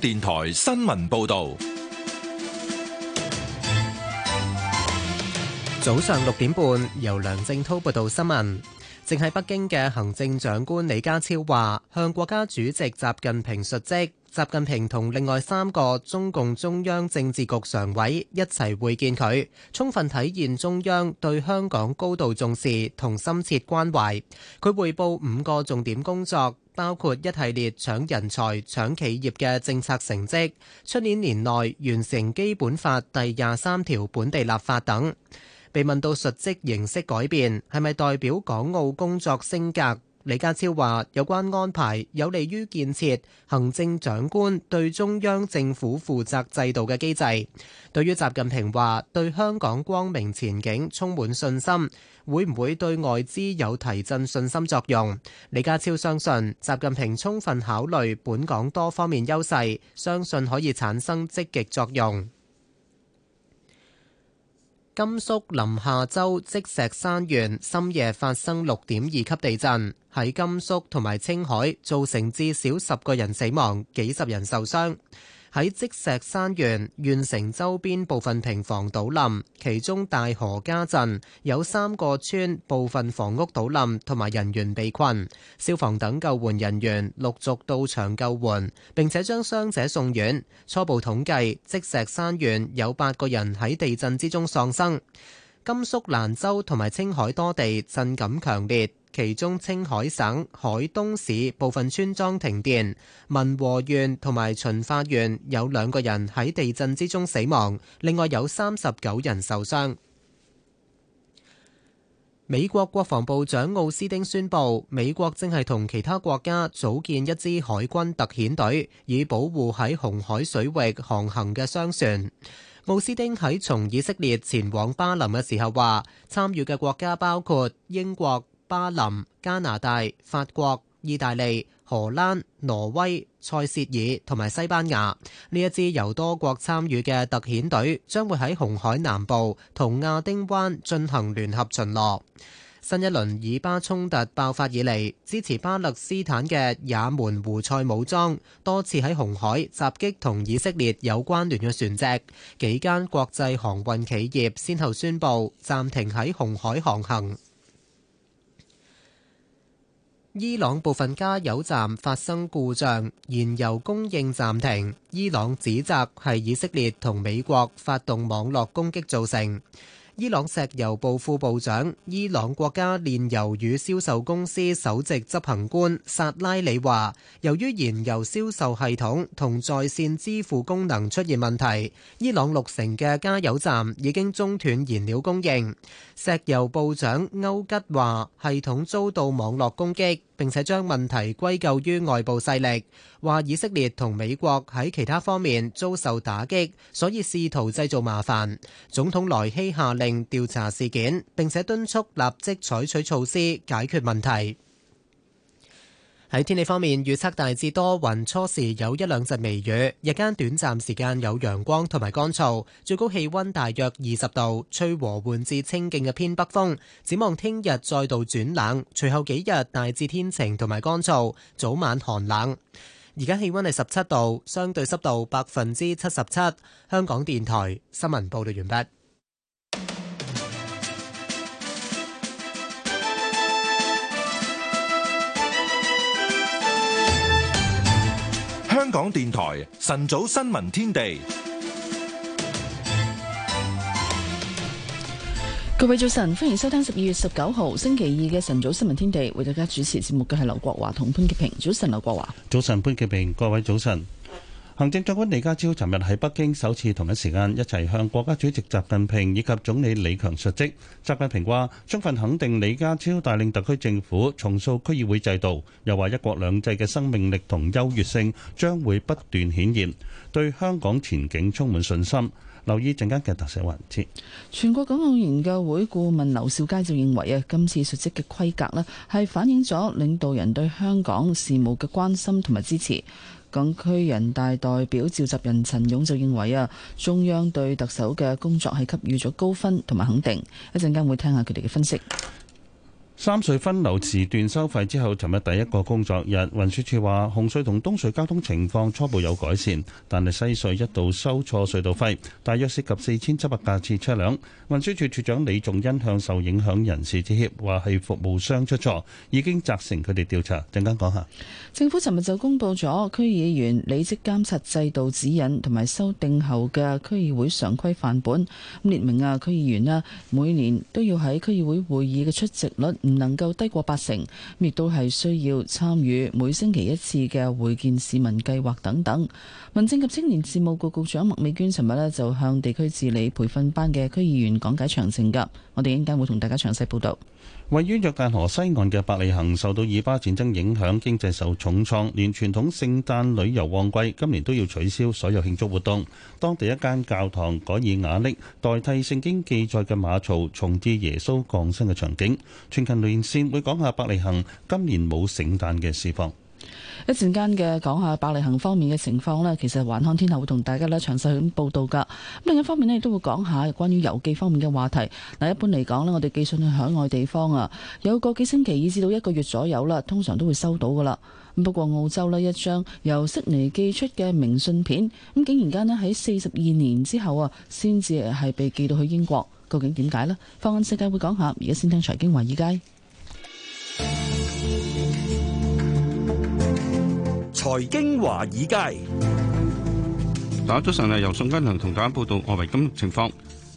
電台新聞報道，早上六點半，由梁正滔報道新聞。正系北京嘅行政長官李家超話，向國家主席習近平述職。習近平同另外三個中共中央政治局常委一齊會見佢，充分體現中央對香港高度重視同深切關懷。佢匯報五個重點工作。包括一系列搶人才、搶企業嘅政策成績，出年年內完成基本法第廿三條本地立法等。被問到述職形式改變係咪代表港澳工作升格，李家超話有關安排有利於建設行政長官對中央政府負責制度嘅機制。對於習近平話對香港光明前景充滿信心，會唔會對外資有提振信心作用？李家超相信習近平充分考慮本港多方面優勢，相信可以產生積極作用。甘肅臨夏州積石山縣深夜發生六點二級地震，喺甘肅同埋青海造成至少十個人死亡，幾十人受傷。喺積石山縣縣城周邊部分平房倒冧，其中大河家鎮有三個村部分房屋倒冧同埋人員被困。消防等救援人員陸續到場救援，並且將傷者送院。初步統計，積石山縣有八個人喺地震之中喪生。甘肅蘭州同埋青海多地震感強烈。其中青海省海東市部分村莊停電，民和縣同埋循化縣有兩個人喺地震之中死亡，另外有三十九人受傷。美國國防部長奧斯汀宣布，美國正係同其他國家組建一支海軍特遣隊，以保護喺紅海水域航行嘅商船。奧斯汀喺從以色列前往巴林嘅時候話，參與嘅國家包括英國。巴林、加拿大、法國、意大利、荷蘭、挪威、塞舌爾同埋西班牙。呢一支由多國參與嘅特遣隊將會喺紅海南部同亞丁灣進行聯合巡邏。新一輪以巴衝突爆發以嚟，支持巴勒斯坦嘅也門胡塞武裝多次喺紅海襲擊同以色列有關聯嘅船隻，幾間國際航運企業先後宣布暫停喺紅海航行。伊朗部分加油站發生故障，燃油供應暫停。伊朗指責係以色列同美國發動網絡攻擊造成。伊朗石油部副部長伊朗國家煉油與銷售公司首席執行官薩拉里話，由於燃油銷售系統同在線支付功能出現問題，伊朗六成嘅加油站已經中斷燃料供應。石油部長歐吉話：系統遭到網絡攻擊，並且將問題歸咎於外部勢力，話以色列同美國喺其他方面遭受打擊，所以試圖製造麻煩。總統萊希下令調查事件，並且敦促立即採取措施解決問題。喺天氣方面預測大致多雲，初時有一兩陣微雨，日間短暫時間有陽光同埋乾燥，最高氣溫大約二十度，吹和緩至清勁嘅偏北風。展望聽日再度轉冷，隨後幾日大致天晴同埋乾燥，早晚寒冷。而家氣溫係十七度，相對濕度百分之七十七。香港電台新聞報道完畢。香港電台晨早新聞天地，各位早晨，歡迎收聽十二月十九號星期二嘅晨早新聞天地。為大家主持節目嘅係劉國華同潘潔平。早晨，劉國華。早晨，潘潔平。各位早晨。行政長官李家超尋日喺北京首次同一時間一齊向國家主席習近平以及總理李強述職。習近平話：充分肯定李家超帶領特區政府重塑區議會制度，又話一國兩制嘅生命力同優越性將會不斷顯現，對香港前景充滿信心。留意陣間嘅特寫環節。全國港澳研究會顧問劉兆佳就認為啊，今次述職嘅規格咧，係反映咗領導人對香港事務嘅關心同埋支持。港區人大代表召集人陳勇就認為啊，中央對特首嘅工作係給予咗高分同埋肯定，一陣間會聽下佢哋嘅分析。三隧分流時段收費之後，尋日第一個工作日，運輸處話紅隧同東隧交通情況初步有改善，但係西隧一度收錯隧道費，大約涉及四千七百架次車輛。運輸處處長李仲恩向受影響人士致歉，話係服務商出錯，已經責成佢哋調查。陣間講下，政府尋日就公布咗區議員履職監察制度指引同埋修訂後嘅區議會常規範本，列明啊區議員咧、啊、每年都要喺區議會會議嘅出席率。唔能夠低過八成，亦都係需要參與每星期一次嘅會見市民計劃等等。民政及青年事務局局，局長麥美娟尋日呢就向地區治理培訓班嘅區議員講解詳情㗎，我哋應間會同大家詳細報道。位於約旦河西岸嘅伯利恆受到以巴戰爭影響，經濟受重創，連傳統聖誕旅遊旺季今年都要取消所有慶祝活動。當地一間教堂改以瓦礫代替聖經記載嘅馬槽，重置耶穌降生嘅場景。全勤連線會講下伯利恆今年冇聖誕嘅事況。一陣間嘅講下百利行方面嘅情況呢，其實環康天下會同大家咧詳細咁報道噶。另一方面咧，亦都會講下關於郵寄方面嘅話題。嗱，一般嚟講呢，我哋寄信去海外地方啊，有個幾星期以至到一個月左右啦，通常都會收到噶啦。咁不過澳洲呢，一張由悉尼寄出嘅明信片，咁竟然間咧喺四十二年之後啊，先至係被寄到去英國，究竟點解呢？《放眼世界》會講下，而家先聽財經華爾街。財經華爾街，大家早晨，由宋金良同大家報道外圍今日情況。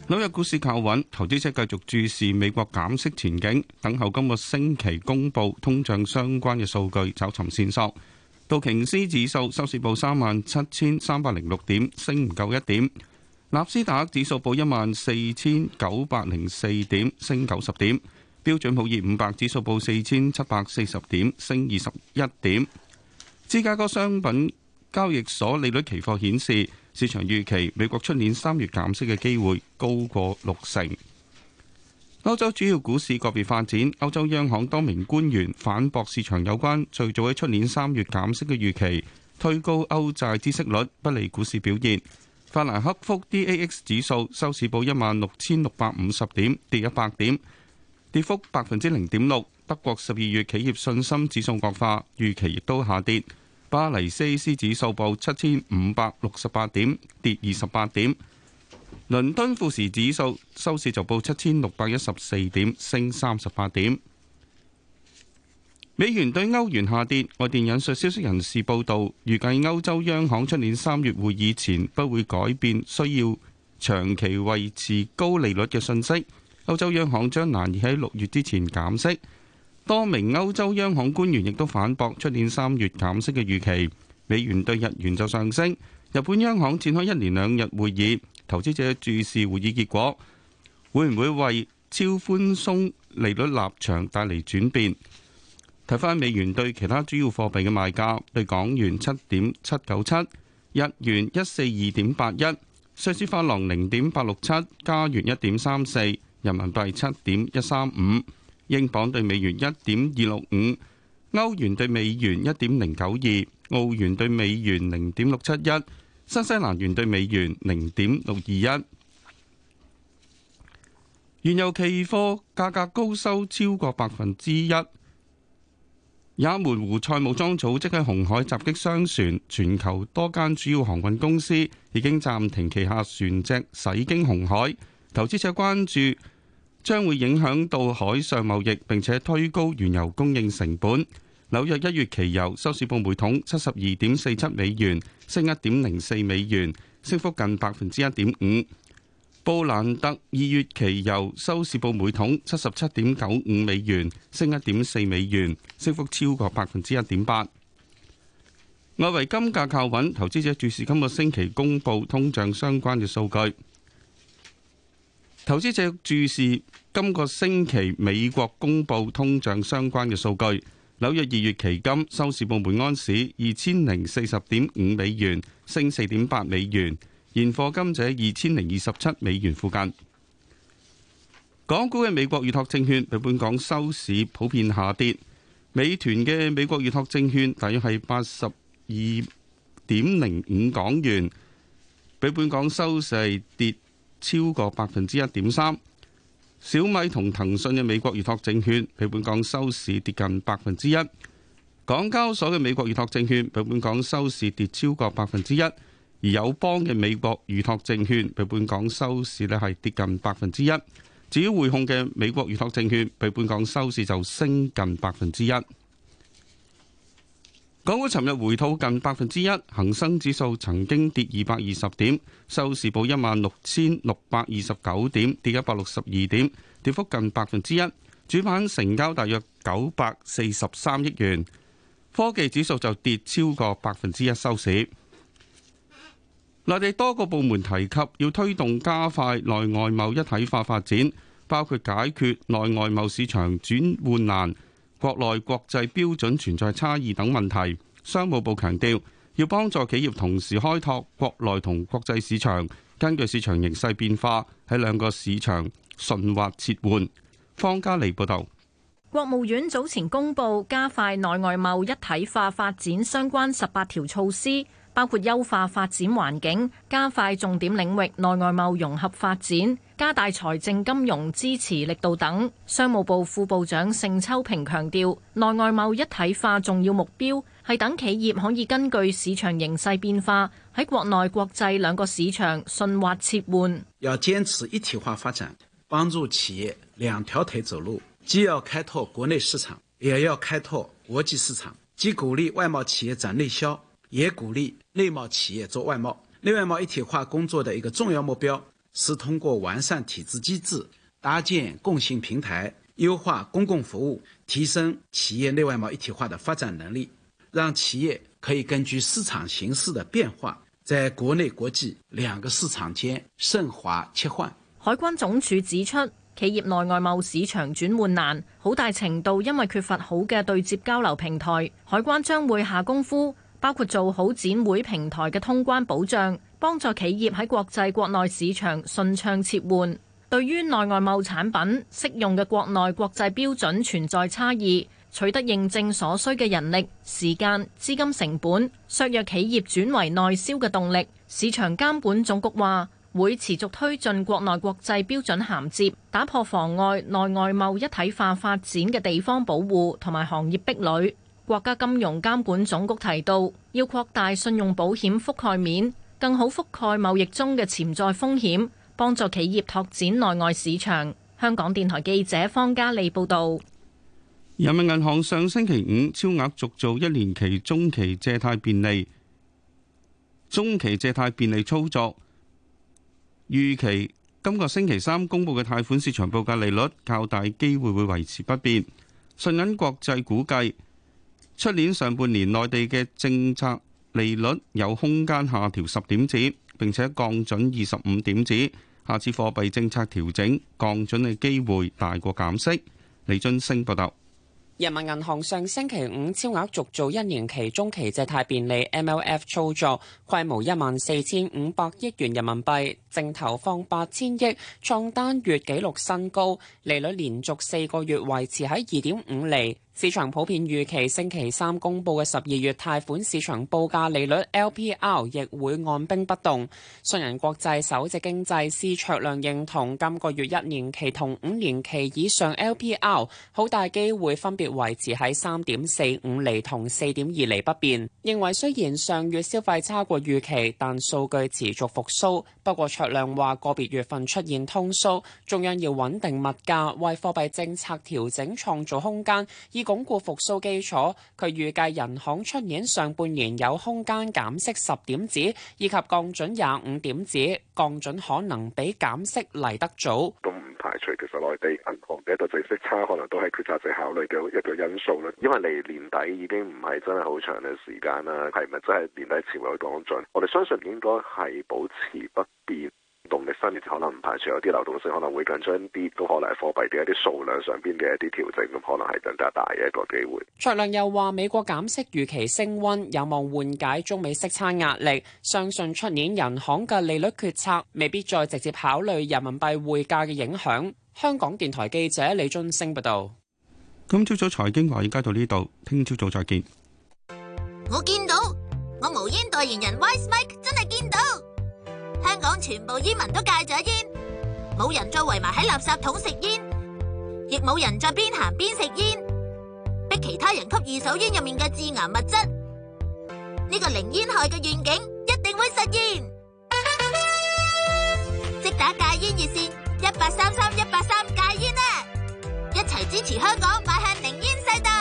紐約股市靠穩，投資者繼續注視美國減息前景，等候今個星期公布通脹相關嘅數據，找尋線索。道瓊斯指數收市報三萬七千三百零六點，升唔夠一點。納斯達克指數報一萬四千九百零四點，升九十點。標準普爾五百指數報四千七百四十點，升二十一點。芝加哥商品交易所利率期貨顯示，市場預期美國出年三月減息嘅機會高過六成。歐洲主要股市個別發展，歐洲央行多名官員反駁市場有關最早喺出年三月減息嘅預期，推高歐債孳息率不利股市表現。法蘭克福 DAX 指數收市報一萬六千六百五十點，跌一百點，跌幅百分之零點六。德國十二月企業信心指數惡化，預期亦都下跌。巴黎 CAC 指數報七千五百六十八點，跌二十八點。倫敦富時指數收市就報七千六百一十四點，升三十八點。美元對歐元下跌。外電引述消息人士報道，預計歐洲央行出年三月會議前不會改變需要長期維持高利率嘅訊息。歐洲央行將難以喺六月之前減息。多名歐洲央行官員亦都反駁出年三月減息嘅預期，美元對日元就上升。日本央行展開一連兩日會議，投資者注視會議結果，會唔會為超寬鬆利率立場帶嚟轉變？睇返美元對其他主要貨幣嘅賣價，對港元七點七九七，日元一四二點八一，瑞士法郎零點八六七，加元一點三四，人民幣七點一三五。英鎊兌美元一點二六五，歐元兌美元一點零九二，澳元兌美元零點六七一，新西蘭元兌美元零點六二一。原油期貨價格高收超過百分之一。也門胡塞武裝組織喺紅海襲擊商船，全球多間主要航運公司已經暫停旗下船隻駛經紅海。投資者關注。將會影響到海上貿易，並且推高原油供應成本。紐約一月期油收市報每桶七十二點四七美元，升一點零四美元，升幅近百分之一點五。布蘭德二月期油收市報每桶七十七點九五美元，升一點四美元，升幅超過百分之一點八。外圍金價靠穩，投資者注視今個星期公布通脹相關嘅數據。投資者注視今個星期美國公布通脹相關嘅數據。紐約二月期金收市報每安士二千零四十點五美元，升四點八美元，現貨金就喺二千零二十七美元附近。港股嘅美國預託證券，比本港收市普遍下跌。美團嘅美國預託證券大約係八十二點零五港元，比本港收市跌。超過百分之一點三，小米同騰訊嘅美國預託證券比本港收市跌近百分之一，港交所嘅美國預託證券比本港收市跌超過百分之一，而友邦嘅美國預託證券比本港收市呢係跌近百分之一，至於匯控嘅美國預託證券比本港收市就升近百分之一。港股尋日回吐近百分之一，恒生指數曾經跌二百二十點，收市報一萬六千六百二十九點，跌一百六十二點，跌幅近百分之一。主板成交大約九百四十三億元，科技指數就跌超過百分之一收市。內地多個部門提及要推動加快內外貿一體化發展，包括解決內外貿市場轉換難。國內國際標準存在差異等問題，商務部強調要幫助企業同時開拓國內同國際市場，根據市場形勢變化，喺兩個市場順滑切換。方家莉報道。國務院早前公布加快內外貿一體化發展相關十八條措施。包括優化發展環境、加快重點領域內外貿融合發展、加大財政金融支持力度等。商務部副部長盛秋平強調，內外貿一體化重要目標係等企業可以根據市場形勢變化喺國內、國際兩個市場順滑切換。要堅持一體化發展，幫助企業兩條腿走路，既要開拓國內市場，也要開拓國際市場，既鼓勵外貿企業展內銷。也鼓勵內貿企業做外貿，內外貿一體化工作的一個重要目標是通過完善體制機制，搭建共性平台，優化公共服務，提升企業內外貿一體化的發展能力，讓企業可以根據市場形勢的變化，在國內國際兩個市場間順滑切換。海關總署指出，企業內外貿市場轉換難，好大程度因為缺乏好嘅對接交流平台，海關將會下功夫。包括做好展會平台嘅通關保障，幫助企業喺國際國內市場順暢切換。對於內外貿產品適用嘅國內國際標準存在差異，取得認證所需嘅人力、時間、資金成本削弱企業轉為內銷嘅動力。市場監管總局話會持續推進國內國際標準銜接，打破妨礙內外貿一體化發展嘅地方保護同埋行業壁壘。國家金融監管總局提到，要擴大信用保險覆蓋面，更好覆蓋貿易中嘅潛在風險，幫助企業拓展內外市場。香港電台記者方嘉利報道。人民銀行上星期五超額續做一年期中期借貸便利、中期借貸便利操作，預期今個星期三公布嘅貸款市場報價利率，較大機會會維持不變。信銀國際估計。出年上半年，內地嘅政策利率有空間下調十點子，並且降準二十五點子。下次貨幣政策調整，降準嘅機會大過減息。李津星報道，人民銀行上星期五超額續做一年期中期借貸便利 （MLF） 操作，規模一萬四千五百億元人民幣，淨投放八千億，創單月紀錄新高，利率連續四個月維持喺二點五釐。市場普遍預期星期三公佈嘅十二月貸款市場報價利率 LPR 亦會按兵不動。信銀國際首席經濟師卓亮認同，今個月一年期同五年期以上 LPR 好大機會分別維持喺三點四五厘同四點二厘不變。認為雖然上月消費差過預期，但數據持續復甦。不過卓亮話，個別月份出現通縮，中央要穩定物價，為貨幣政策調整創造空間。依鞏固復蘇基礎，佢預計人行出年上半年有空間減息十點子，以及降準廿五點子，降準可能比減息嚟得早。都唔排除，其實內地銀行嘅一個利息差可能都係決策者考慮嘅一個因素啦。因為嚟年底已經唔係真係好長嘅時間啦，係咪真係年底前可以降準？我哋相信應該係保持不變。動力分裂，可能唔排除有啲流動性可能會緊張啲，都可能係貨幣嘅一啲數量上邊嘅一啲調整咁，可能係更加大嘅一個機會。卓亮又話，美國減息預期升溫，有望緩解中美息差壓力。相信出年人行嘅利率決策未必再直接考慮人民幣匯價嘅影響。香港電台記者李津升報道。今朝早財經話應該到呢度，聽朝早再見。我見到我無煙代言人 Wise Mike 真係見到。全部煙民都戒咗煙，冇人再圍埋喺垃圾桶食煙，亦冇人再邊行邊食煙，逼其他人吸二手煙入面嘅致癌物質。呢個零煙害嘅願景一定會實現。即打戒煙熱線一八三三一八三戒煙啊！一齊支持香港邁向零煙世代。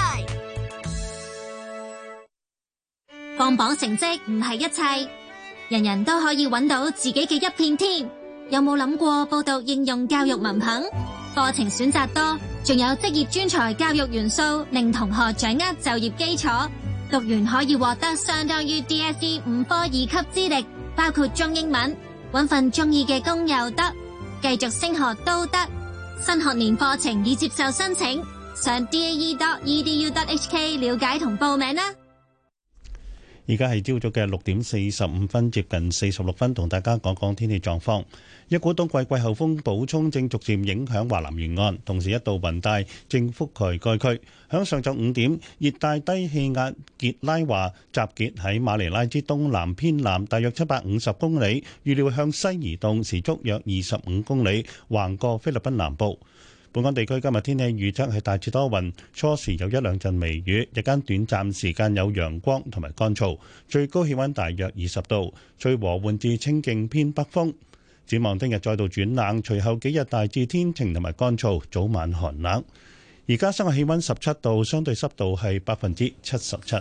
放榜成績唔係一切。人人都可以揾到自己嘅一片天，有冇諗過報讀應用教育文憑？課程選擇多，仲有職業專才教育元素，令同學掌握就業基礎。讀完可以獲得相當於 DSE 五科二級資歷，包括中英文，揾份中意嘅工又得，繼續升學都得。新學年課程已接受申請，上 dae.edu.hk 了解同報名啦。而家係朝早嘅六點四十五分，接近四十六分，同大家講講天氣狀況。一股冬季季候風補充正逐漸影響華南沿岸，同時一道雲帶正覆蓋該區。響上晝五點，熱帶低氣壓傑拉華集結喺馬尼拉之東南偏南大約七百五十公里，預料向西移動，時速約二十五公里，橫過菲律賓南部。本港地區今日天氣預測係大致多雲，初時有一兩陣微雨，日間短暫時間有陽光同埋乾燥，最高氣温大約二十度，吹和緩至清勁偏北風。展望聽日再度轉冷，隨後幾日大致天晴同埋乾燥，早晚寒冷。而家室外氣溫十七度，相對濕度係百分之七十七。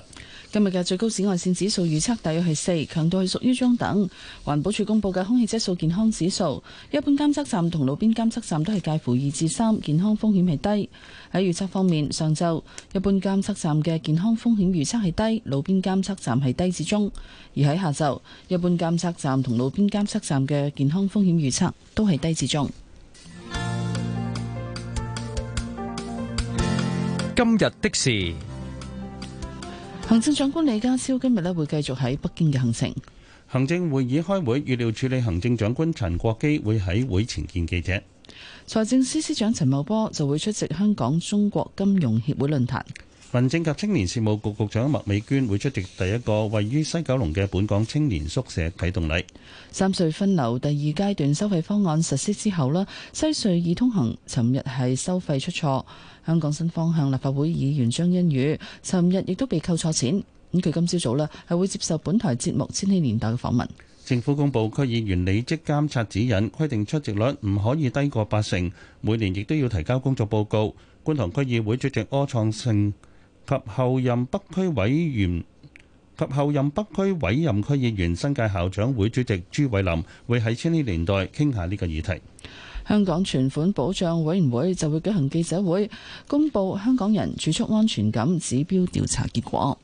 今日嘅最高紫外線指數預測大約係四，強度係屬於中等。環保署公布嘅空氣質素健康指數一般監測站同路邊監測站都係介乎二至三，健康風險係低。喺預測方面，上晝一般監測站嘅健康風險預測係低，路邊監測站係低至中。而喺下晝一般監測站同路邊監測站嘅健康風險預測都係低至中。今日的事，行政長官李家超今日呢會繼續喺北京嘅行程。行政會議開會，預料處理行政長官陳國基會喺會前見記者。財政司司長陳茂波就會出席香港中國金融協會論壇。民政及青年事務局局長麥美娟會出席第一個位於西九龍嘅本港青年宿舍啟動禮。三隧分流第二階段收費方案實施之後呢，西隧已通行，尋日係收費出錯。香港新方向立法會議員張欣宇，尋日亦都被扣錯錢，咁佢今朝早呢係會接受本台節目《千禧年代》嘅訪問。政府公布區議員履職監察指引，規定出席率唔可以低過八成，每年亦都要提交工作報告。觀塘區議會主席柯創盛及後任北區委員及後任北區委任區議員、新界校長會主席朱偉林，會喺《千禧年代》傾下呢個議題。香港存款保障委員會會就會舉行記者會，公布香港人儲蓄安全感指標調查結果。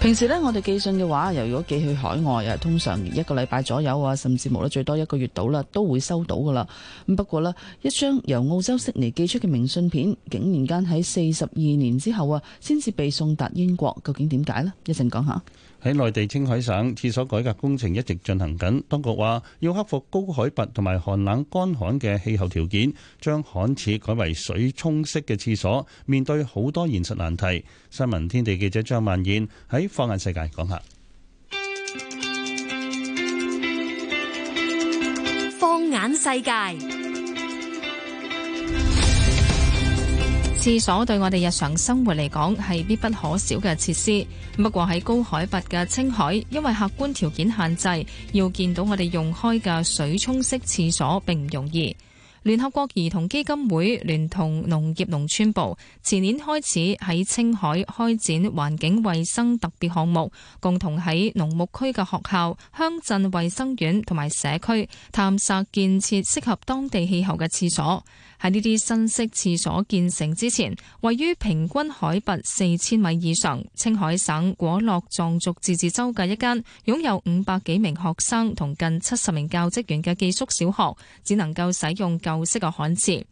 平時呢，我哋寄信嘅話，由如果寄去海外啊，通常一個禮拜左右啊，甚至冇得最多一個月到啦，都會收到噶啦。咁不過呢，一張由澳洲悉尼寄出嘅明信片，竟然間喺四十二年之後啊，先至被送達英國，究竟點解呢？一陣講下。喺內地青海省，廁所改革工程一直進行緊。當局話要克服高海拔同埋寒冷乾旱嘅氣候條件，將旱廁改為水沖式嘅廁所，面對好多現實難題。新聞天地記者張萬燕喺放眼世界講下。放眼世界。廁所對我哋日常生活嚟講係必不可少嘅設施。不過，喺高海拔嘅青海，因為客觀條件限制，要見到我哋用開嘅水沖式廁所並唔容易。聯合國兒童基金會聯同農業農村部前年開始喺青海開展環境衛生特別項目，共同喺農牧區嘅學校、鄉鎮衛生院同埋社區探索建設適合當地氣候嘅廁所。喺呢啲新式廁所建成之前，位於平均海拔四千米以上青海省果洛藏族自治州嘅一間擁有五百幾名學生同近七十名教職員嘅寄宿小學，只能夠使用舊式嘅旱廁。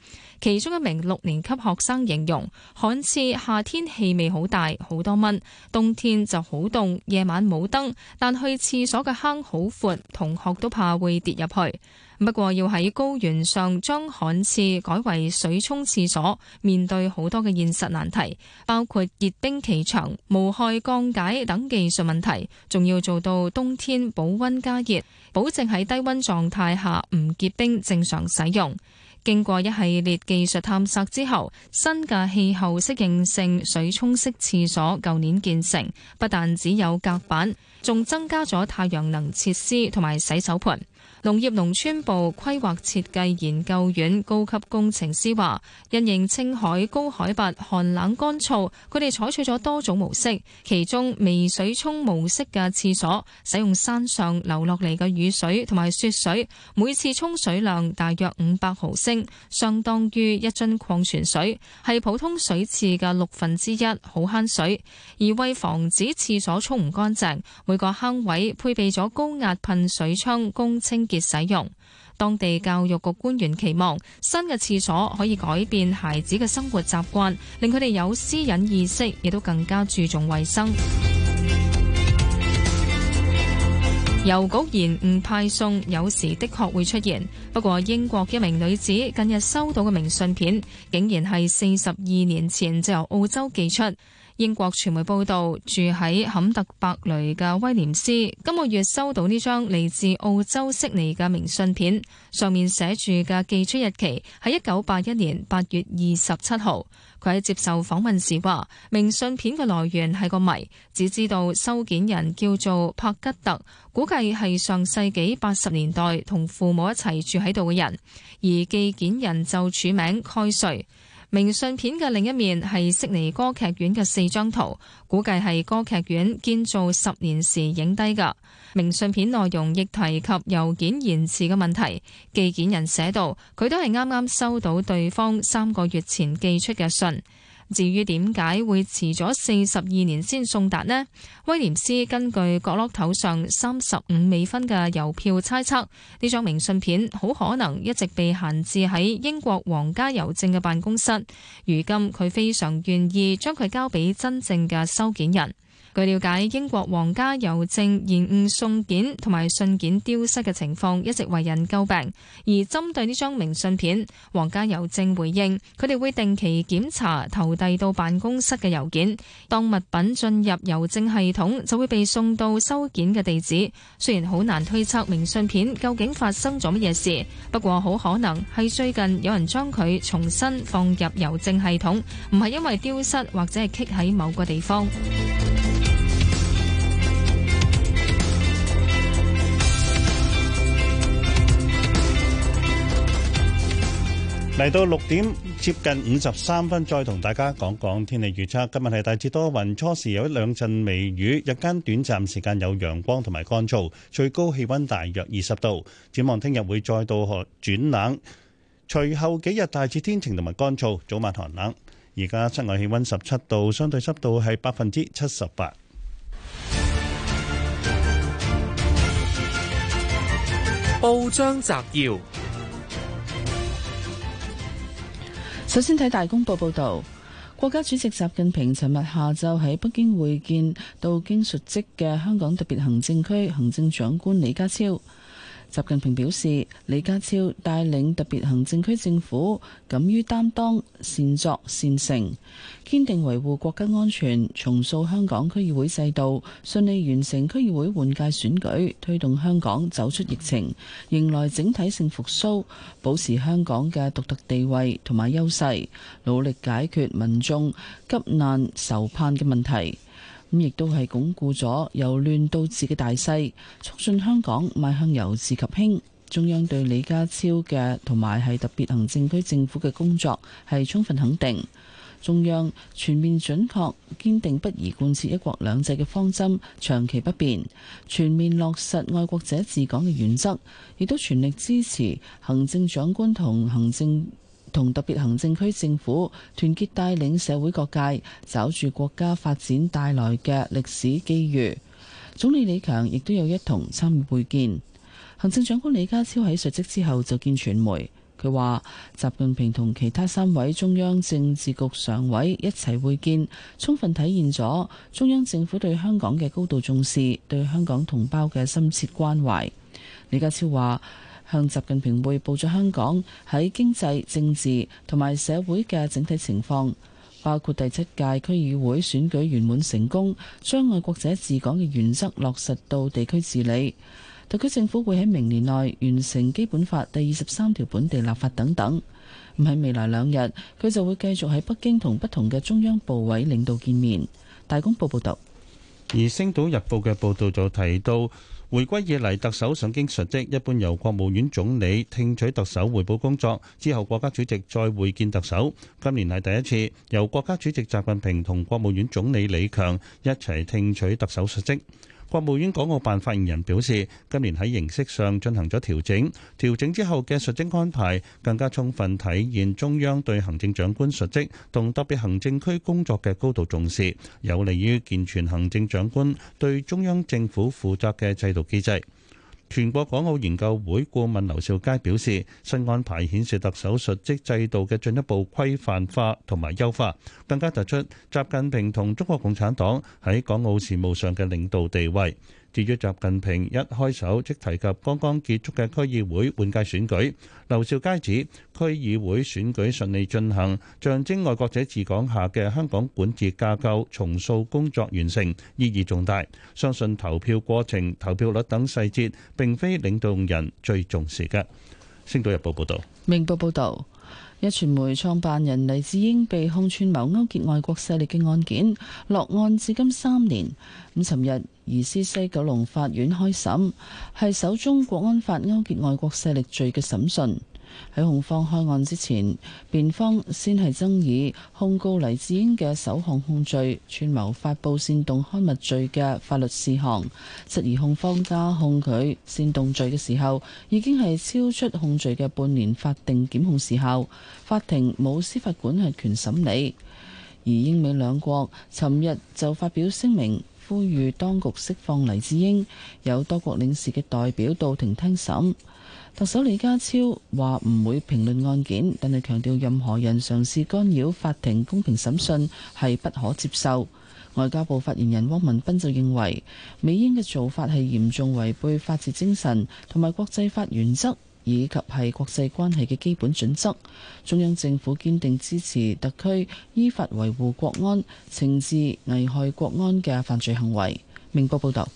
其中一名六年級學生形容，旱廁夏天氣味好大，好多蚊；冬天就好凍，夜晚冇燈。但去廁所嘅坑好闊，同學都怕會跌入去。不過要喺高原上將旱廁改為水沖廁所，面對好多嘅現實難題，包括結冰期長、無害降解等技術問題，仲要做到冬天保溫加熱，保證喺低溫狀態下唔結冰，正常使用。經過一系列技術探索之後，新嘅氣候適應性水沖式廁所舊年建成，不但只有隔板，仲增加咗太陽能設施同埋洗手盆。農業農村部規劃設計研究院高級工程師話，因應青海高海拔、寒冷、乾燥，佢哋採取咗多種模式，其中微水沖模式嘅廁所，使用山上流落嚟嘅雨水同埋雪水，每次沖水量大約五百毫升，相當於一樽礦泉水，係普通水廁嘅六分之一，好慳水。而為防止廁所沖唔乾淨，每個坑位配備咗高壓噴水槍供清潔。使用當地教育局官員期望新嘅廁所可以改變孩子嘅生活習慣，令佢哋有私隱意識，亦都更加注重衛生。郵局延誤派送有時的確會出現，不過英國一名女子近日收到嘅明信片，竟然係四十二年前就由澳洲寄出。英國傳媒報道，住喺坎特伯雷嘅威廉斯今個月收到呢張嚟自澳洲悉尼嘅明信片，上面寫住嘅寄出日期係一九八一年八月二十七號。佢喺接受訪問時話，明信片嘅來源係個謎，只知道收件人叫做帕吉特，估計係上世紀八十年代同父母一齊住喺度嘅人，而寄件人就署名開瑞。明信片嘅另一面係悉尼歌劇院嘅四張圖，估計係歌劇院建造十年時影低噶。明信片內容亦提及郵件延遲嘅問題，寄件人寫道：佢都係啱啱收到對方三個月前寄出嘅信。至於點解會遲咗四十二年先送達呢？威廉斯根據角落頭上三十五美分嘅郵票猜測，呢張明信片好可能一直被閒置喺英國皇家郵政嘅辦公室。如今佢非常願意將佢交俾真正嘅收件人。據了解，英國皇家郵政延誤送件同埋信件丟失嘅情況一直為人詬病。而針對呢張明信片，皇家郵政回應：佢哋會定期檢查投遞到辦公室嘅郵件。當物品進入郵政系統，就會被送到收件嘅地址。雖然好難推測明信片究竟發生咗乜嘢事，不過好可能係最近有人將佢重新放入郵政系統，唔係因為丟失或者係卡喺某個地方。嚟到六點接近五十三分，再同大家講講天氣預測。今日係大致多雲，初時有一兩陣微雨，日間短暫時間有陽光同埋乾燥，最高氣温大約二十度。展望聽日會再度轉冷，隨後幾日大致天晴同埋乾燥，早晚寒冷。而家室外氣温十七度，相對濕度係百分之七十八。報章摘要。首先睇大公報報道，國家主席習近平尋日下晝喺北京會見到京述職嘅香港特別行政區行政長官李家超。習近平表示，李家超帶領特別行政區政府敢於擔當、善作善成，堅定維護國家安全，重塑香港區議會制度，順利完成區議會換屆選舉，推動香港走出疫情，迎來整體性復蘇，保持香港嘅獨特地位同埋優勢，努力解決民眾急難愁盼嘅問題。咁亦都係鞏固咗由亂到治嘅大勢，促進香港邁向由治及興。中央對李家超嘅同埋係特別行政區政府嘅工作係充分肯定。中央全面準確、堅定不移貫徹一國兩制嘅方針，長期不變，全面落實愛國者治港嘅原則，亦都全力支持行政長官同行政。同特別行政區政府團結帶領社會各界，抓住國家發展帶來嘅歷史機遇。總理李強亦都有一同參與會見。行政長官李家超喺述職之後就見傳媒，佢話習近平同其他三位中央政治局常委一齊會見，充分體現咗中央政府對香港嘅高度重視，對香港同胞嘅深切關懷。李家超話。向習近平匯報咗香港喺經濟、政治同埋社會嘅整體情況，包括第七屆區議會選舉圓滿成功，將愛國者治港嘅原則落實到地區治理。特區政府會喺明年內完成基本法第二十三條本地立法等等。唔喺未來兩日，佢就會繼續喺北京同不同嘅中央部委領導見面。《大公報》報導，而《星島日報》嘅報導就提到。回歸以嚟，特首上京述職，一般由國務院總理聽取特首匯報工作，之後國家主席再會見特首。今年係第一次，由國家主席習近平同國務院總理李強一齊聽取特首述職。國務院港澳辦發言人表示，今年喺形式上進行咗調整，調整之後嘅述職安排更加充分體現中央對行政長官述職同特別行政區工作嘅高度重視，有利於健全行政長官對中央政府負責嘅制度機制。全國港澳研究會顧問劉兆佳表示，新安排顯示特首述職制度嘅進一步規範化同埋優化，更加突出習近平同中國共產黨喺港澳事務上嘅領導地位。至於習近平一開手即提及剛剛結束嘅區議會換屆選舉，劉兆佳指區議會選舉順利進行，象徵愛國者治港下嘅香港管治架構重塑工作完成，意義重大。相信投票過程、投票率等細節並非領導人最重視嘅。星島日報報道：明報報道，一傳媒創辦人黎智英被控串謀勾結外國勢力嘅案件落案至今三年，咁尋日。而司西九龍法院開審係首宗國安法勾結外國勢力罪嘅審訊。喺控方開案之前，辯方先係爭議控告黎智英嘅首項控罪串謀發布煽動刊物罪嘅法律事項，質疑控方加控佢煽動罪嘅時候，已經係超出控罪嘅半年法定檢控時效，法庭冇司法管轄權審理。而英美兩國尋日就發表聲明。呼籲當局釋放黎智英，有多國領事嘅代表到庭聽審。特首李家超話唔會評論案件，但係強調任何人嘗試干擾法庭公平審訊係不可接受。外交部發言人汪文斌就認為，美英嘅做法係嚴重違背法治精神同埋國際法原則。以及係國際關係嘅基本準則。中央政府堅定支持特區依法維護國安，懲治危害國安嘅犯罪行為。明報報導，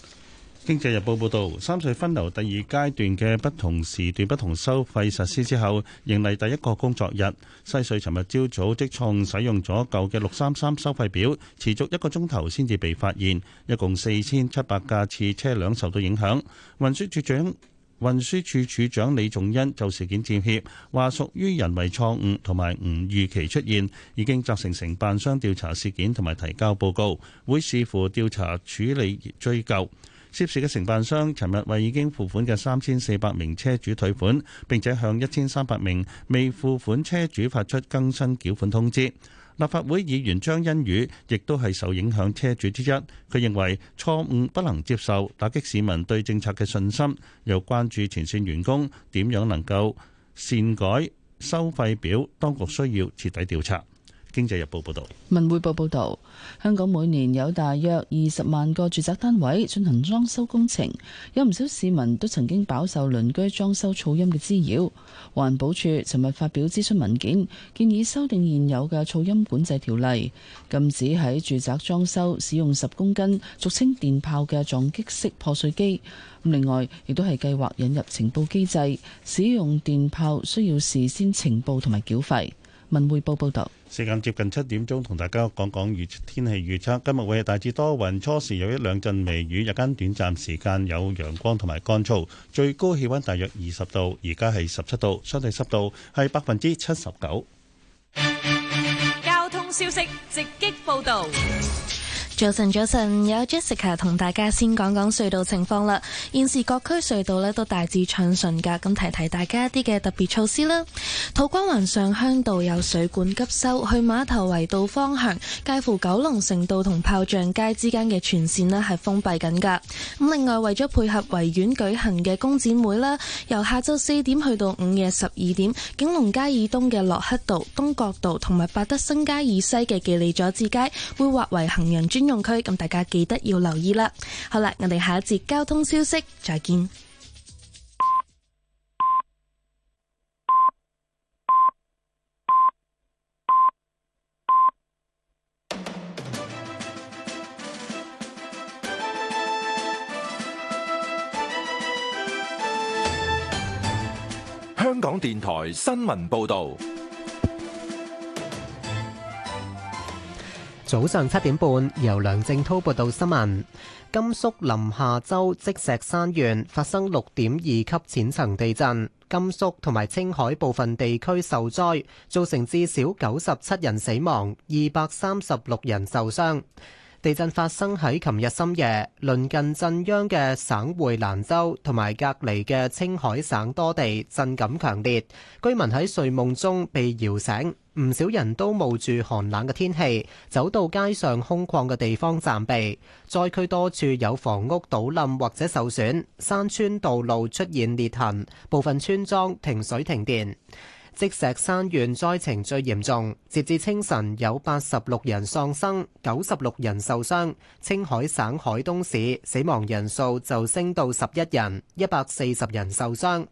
《經濟日報》報導，三隧分流第二階段嘅不同時段不同收費實施之後，迎嚟第一個工作日。西隧尋日朝早即創使用咗舊嘅六三三收費表，持續一個鐘頭先至被發現，一共四千七百架次車輛受到影響。運輸署長。運輸署署長李仲恩就事件致歉，話屬於人為錯誤同埋唔預期出現，已經責成承辦商調查事件同埋提交報告，會視乎調查處理而追究涉事嘅承辦商。尋日為已經付款嘅三千四百名車主退款，並且向一千三百名未付款車主發出更新繳款通知。立法會議員張欣宇亦都係受影響車主之一，佢認為錯誤不能接受，打擊市民對政策嘅信心，又關注前線員工點樣能夠擅改收費表，當局需要徹底調查。《經濟日報》報導，《文匯報》報道，香港每年有大約二十萬個住宅單位進行裝修工程，有唔少市民都曾經飽受鄰居裝修噪音嘅滋擾。環保署尋日發表諮詢文件，建議修訂現有嘅噪音管制條例，禁止喺住宅裝修使用十公斤俗稱電炮嘅撞擊式破碎機，咁另外，亦都係計劃引入情報機制，使用電炮需要事先情報同埋繳費。文匯報報道，時間接近七點鐘，同大家講講預天氣預測。今日會係大致多雲，初時有一兩陣微雨，日間短暫時間有陽光同埋乾燥，最高氣溫大約二十度，而家係十七度，相對濕度係百分之七十九。交通消息直擊報道。早晨，早晨，有 Jessica 同大家先講講隧道情況啦。現時各區隧道咧都大致暢順噶，咁提提大家一啲嘅特別措施啦。土瓜灣上鄉道有水管急修去馬頭圍道方向，介乎九龍城道同炮仗街之間嘅全線咧係封閉緊噶。咁另外為咗配合維園舉行嘅工展會啦，由下晝四點去到午夜十二點，景隆街以東嘅洛克道、東角道同埋百德新街以西嘅記利佐治街會劃為行人專用區，咁大家記得要留意啦。好啦，我哋下一節交通消息，再見。香港電台新聞報道。早上七點半，由梁正濤報道新聞。甘肅臨夏州積石山縣發生六點二級淺層地震，甘肅同埋青海部分地區受災，造成至少九十七人死亡，二百三十六人受傷。地震發生喺琴日深夜，鄰近震央嘅省會蘭州同埋隔籬嘅青海省多地震感強烈，居民喺睡夢中被搖醒。唔少人都冒住寒冷嘅天氣，走到街上空曠嘅地方暫避。災區多處有房屋倒冧或者受損，山村道路出現裂痕，部分村莊停水停電。積石山縣災情最嚴重，截至清晨有八十六人喪生，九十六人受傷。青海省海東市死亡人數就升到十一人，一百四十人受傷。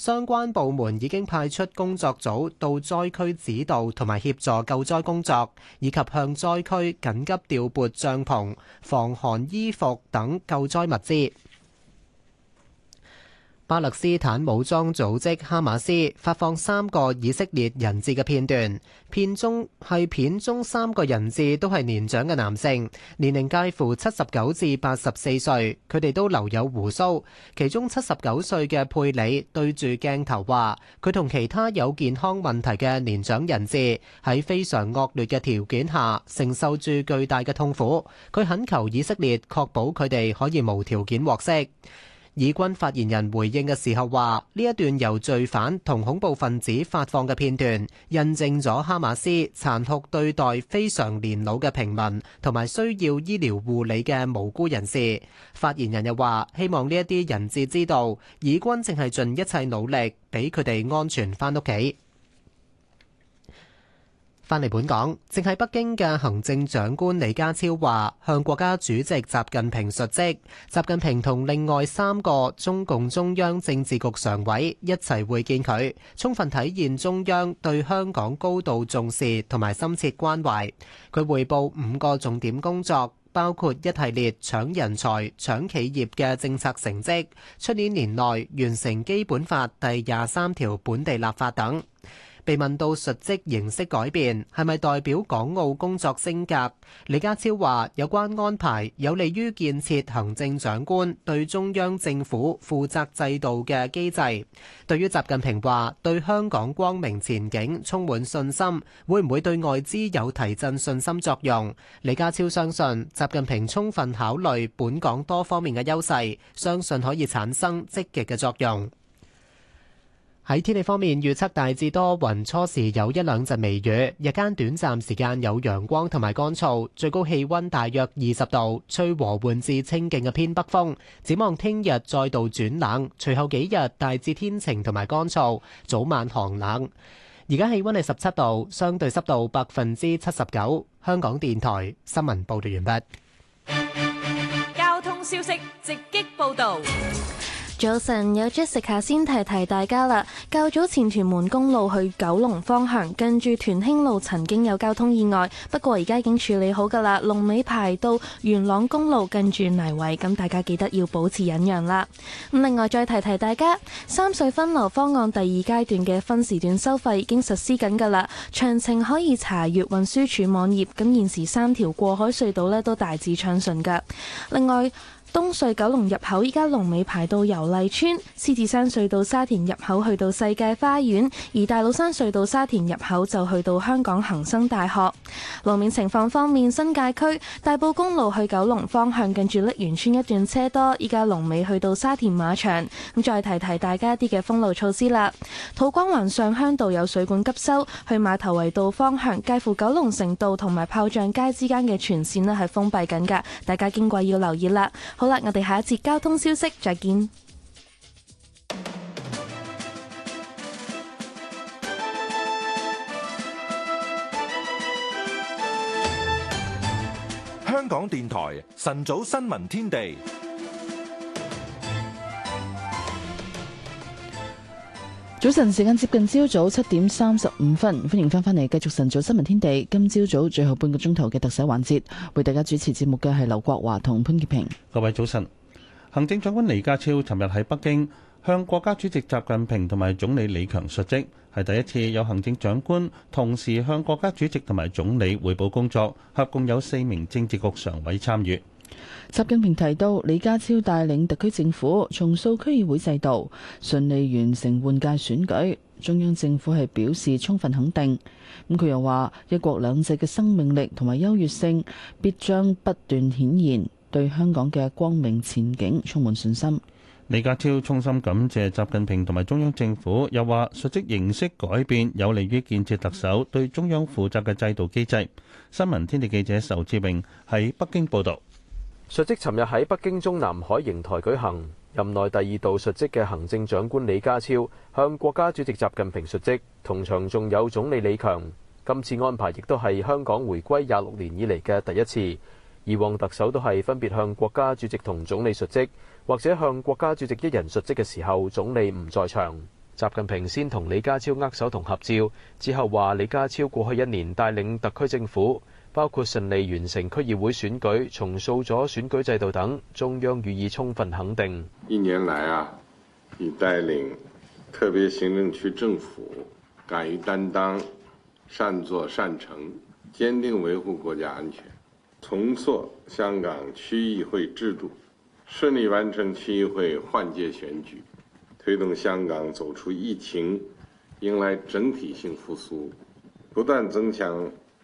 相關部門已經派出工作組到災區指導同埋協助救災工作，以及向災區緊急調撥帳篷、防寒衣服等救災物資。巴勒斯坦武裝組織哈馬斯發放三個以色列人質嘅片段，片中係片中三個人質都係年長嘅男性，年齡介乎七十九至八十四歲，佢哋都留有胡鬚。其中七十九歲嘅佩里對住鏡頭話，佢同其他有健康問題嘅年長人質喺非常惡劣嘅條件下承受住巨大嘅痛苦，佢懇求以色列確保佢哋可以無條件獲釋。以軍發言人回應嘅時候話：呢一段由罪犯同恐怖分子發放嘅片段，印證咗哈馬斯殘酷對待非常年老嘅平民同埋需要醫療護理嘅無辜人士。發言人又話：希望呢一啲人質知道，以軍淨係盡一切努力俾佢哋安全翻屋企。返嚟本港，正喺北京嘅行政長官李家超話，向國家主席習近平述職。習近平同另外三個中共中央政治局常委一齊會見佢，充分體現中央對香港高度重視同埋深切關懷。佢匯報五個重點工作，包括一系列搶人才、搶企業嘅政策成績，出年年內完成基本法第廿三條本地立法等。被問到述職形式改變係咪代表港澳工作升格，李家超話有關安排有利於建設行政長官對中央政府負責制度嘅機制。對於習近平話對香港光明前景充滿信心，會唔會對外資有提振信心作用？李家超相信習近平充分考慮本港多方面嘅優勢，相信可以產生積極嘅作用。喺天氣方面預測大致多雲，初時有一兩陣微雨，日間短暫時間有陽光同埋乾燥，最高氣溫大約二十度，吹和緩至清勁嘅偏北風。展望聽日再度轉冷，隨後幾日大致天晴同埋乾燥，早晚寒冷。而家氣溫係十七度，相對濕度百分之七十九。香港電台新聞報道完畢。交通消息直擊報道。早晨，有 Jessica 先提提大家啦。較早前屯門公路去九龍方向，近住屯興路曾經有交通意外，不過而家已經處理好噶啦。龍尾排到元朗公路近住泥圍，咁大家記得要保持忍讓啦。另外再提提大家，三隧分流方案第二階段嘅分時段收費已經實施緊噶啦。詳情可以查閲運輸署網頁。咁現時三條過海隧道呢都大致暢順噶。另外。東隧九龍入口依家龍尾排到油麗邨，獅子山隧道沙田入口去到世界花園，而大老山隧道沙田入口就去到香港恒生大學。路面情況方面，新界區大埔公路去九龍方向近住瀝源村一段車多，依家龍尾去到沙田馬場。咁再提提大家一啲嘅封路措施啦。土瓜灣上鄉道有水管急修，去馬頭圍道方向介乎九龍城道同埋炮仗街之間嘅全綫呢係封閉緊噶，大家經過要留意啦。好啦，我哋下一節交通消息再見。香港電台晨早新聞天地。早晨時間接近朝早七點三十五分，歡迎翻返嚟繼續晨早新聞天地。今朝早，早最後半個鐘頭嘅特首環節，為大家主持節目嘅係劉國華同潘潔平。各位早晨，行政長官李家超尋日喺北京向國家主席習近平同埋總理李強述職，係第一次有行政長官同時向國家主席同埋總理匯報工作，合共有四名政治局常委參與。習近平提到，李家超帶領特區政府重塑區議會制度，順利完成換屆選舉，中央政府係表示充分肯定。咁佢又話一國兩制嘅生命力同埋優越性必將不斷顯現，對香港嘅光明前景充滿信心。李家超衷心感謝習近平同埋中央政府又，又話述職形式改變有利於建設特首對中央負責嘅制度機制。新聞天地記者仇志榮喺北京報道。述職，尋日喺北京中南海瀛台舉行。任內第二度述職嘅行政長官李家超向國家主席習近平述職，同場仲有總理李強。今次安排亦都係香港回歸廿六年以嚟嘅第一次。以往特首都係分別向國家主席同總理述職，或者向國家主席一人述職嘅時候，總理唔在場。習近平先同李家超握手同合照，之後話李家超過去一年帶領特區政府。包括順利完成區議會選舉，重塑咗選舉制度等，中央予以充分肯定。一年來啊，已帶領特別行政區政府，敢於擔當，善作善成，堅定維護國家安全，重塑香港區議會制度，順利完成區議會換屆選舉，推動香港走出疫情，迎來整體性復甦，不斷增強。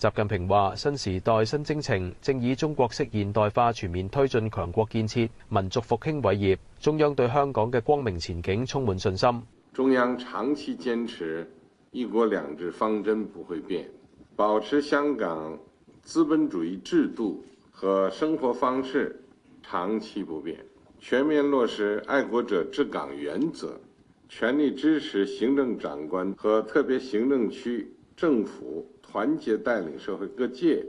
習近平話：新時代新征程，正以中國式現代化全面推進強國建設、民族復興偉業。中央對香港嘅光明前景充滿信心。中央長期堅持一國兩制方針不會變，保持香港資本主義制度和生活方式長期不變，全面落實愛國者治港原則，全力支持行政長官和特別行政區。政府團結帶領社會各界，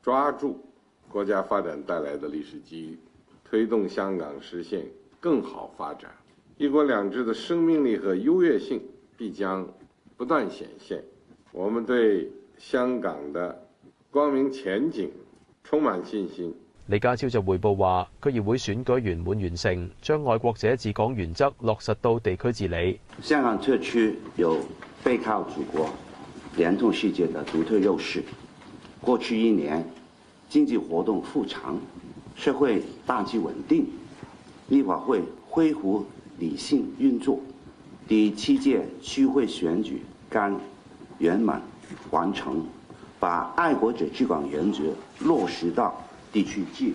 抓住國家發展帶來的歷史機遇，推動香港實現更好發展。一國兩制的生命力和優越性，必將不斷顯現。我們對香港的光明前景充滿信心。李家超就回報話，區議會選舉圓滿完成，將愛國者治港原則落實到地區治理。香港特區有背靠祖國，聯通世界的獨特優勢，過去一年經濟活動復常，社會大局穩定，立法會恢復理性運作，第七屆區會選舉剛圓滿完成，把愛國者治港原則落實到地區治理。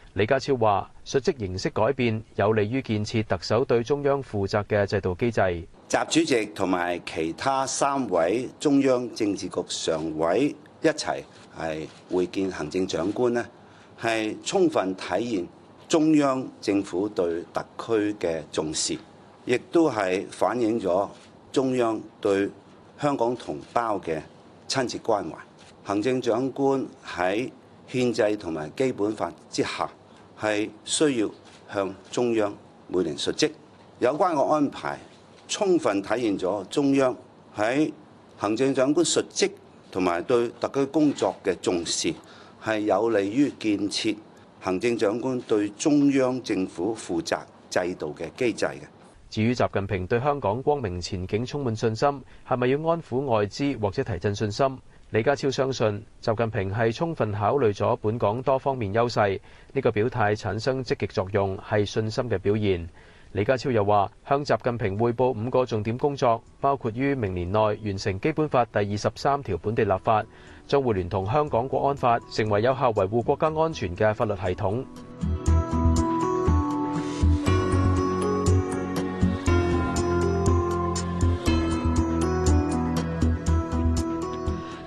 李家超話，述職形式改變，有利於建設特首對中央負責嘅制度機制。習主席同埋其他三位中央政治局常委一齊係會見行政長官呢，係充分體現中央政府對特區嘅重視，亦都係反映咗中央對香港同胞嘅親切關懷。行政長官喺憲制同埋基本法之下。係需要向中央每年述職，有關嘅安排充分體現咗中央喺行政長官述職同埋對特區工作嘅重視，係有利於建設行政長官對中央政府負責制度嘅機制嘅。至於習近平對香港光明前景充滿信心，係咪要安撫外資或者提振信心？李家超相信習近平係充分考慮咗本港多方面優勢，呢、這個表態產生積極作用，係信心嘅表現。李家超又話，向習近平匯報五個重點工作，包括於明年內完成基本法第二十三條本地立法，將會聯同香港國安法，成為有效維護國家安全嘅法律系統。